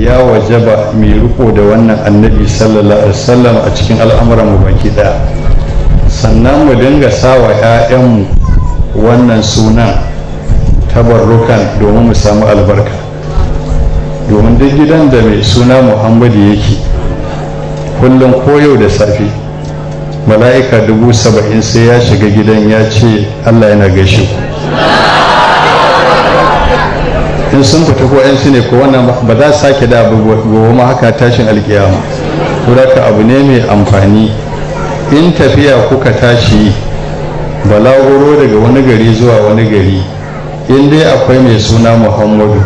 ya wajaba mai riko da wannan annabi sallallahu alaihi wasallam a cikin al'amuran mu baki daya sannan mu dinga sawa 'ya'yanmu wannan sunan tabarrukan domin mu samu albarka domin duk gidan da mai suna muhammadu yake kullum yau da safe mala'ika dubu saba'in sai ya shiga gidan ya ce allah yana gaishe ku in sun fita ko yansu ne ko wannan ba za su sake da gobe ma haka tashin alkiyama to haka abu ne mai amfani in tafiya kuka tashi balaguro daga wani gari zuwa wani gari in dai akwai mai suna muhammadu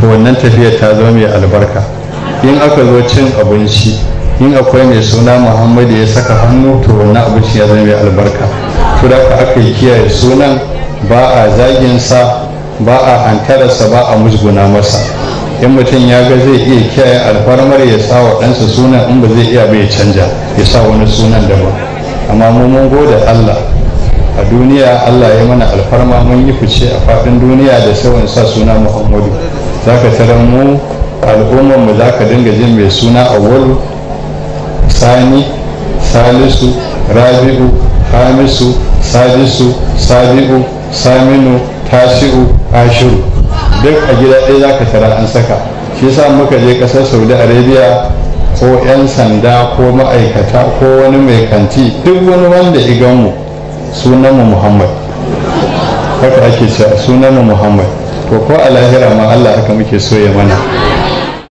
to wannan tafiya ta zama mai albarka in aka zo cin abinci in akwai mai suna muhammadu ya saka hannu to wannan abinci ya zama mai albarka to da aka yi kiyaye sunan ba a zagin sa ba a hankalarsa ba a musguna masa in mutum ya ga zai iya kiyaye alfarmar ya sa wa ɗansa sunan in ba zai iya bai canja ya sa wani sunan da ba amma mu mun gode Allah a duniya Allah ya mana alfarma mun yi fice a faɗin duniya da sauran sa suna Muhammadu za ka tara mu al'ummar mu za ka dinga jin mai suna awwalu sani salisu rabi'u hamisu sadisu sabi'u saminu Tashi'u. kashiru duk a gida ɗaya za ka tara an saka shi sa muka je ƙasar saudi arabia ko 'yan sanda ko ma'aikata ko wani mai kanti duk wani wanda iganmu sunanmu muhammad haka ake cewa sunanmu muhammad to ko a lahira ma allah aka muke soya mana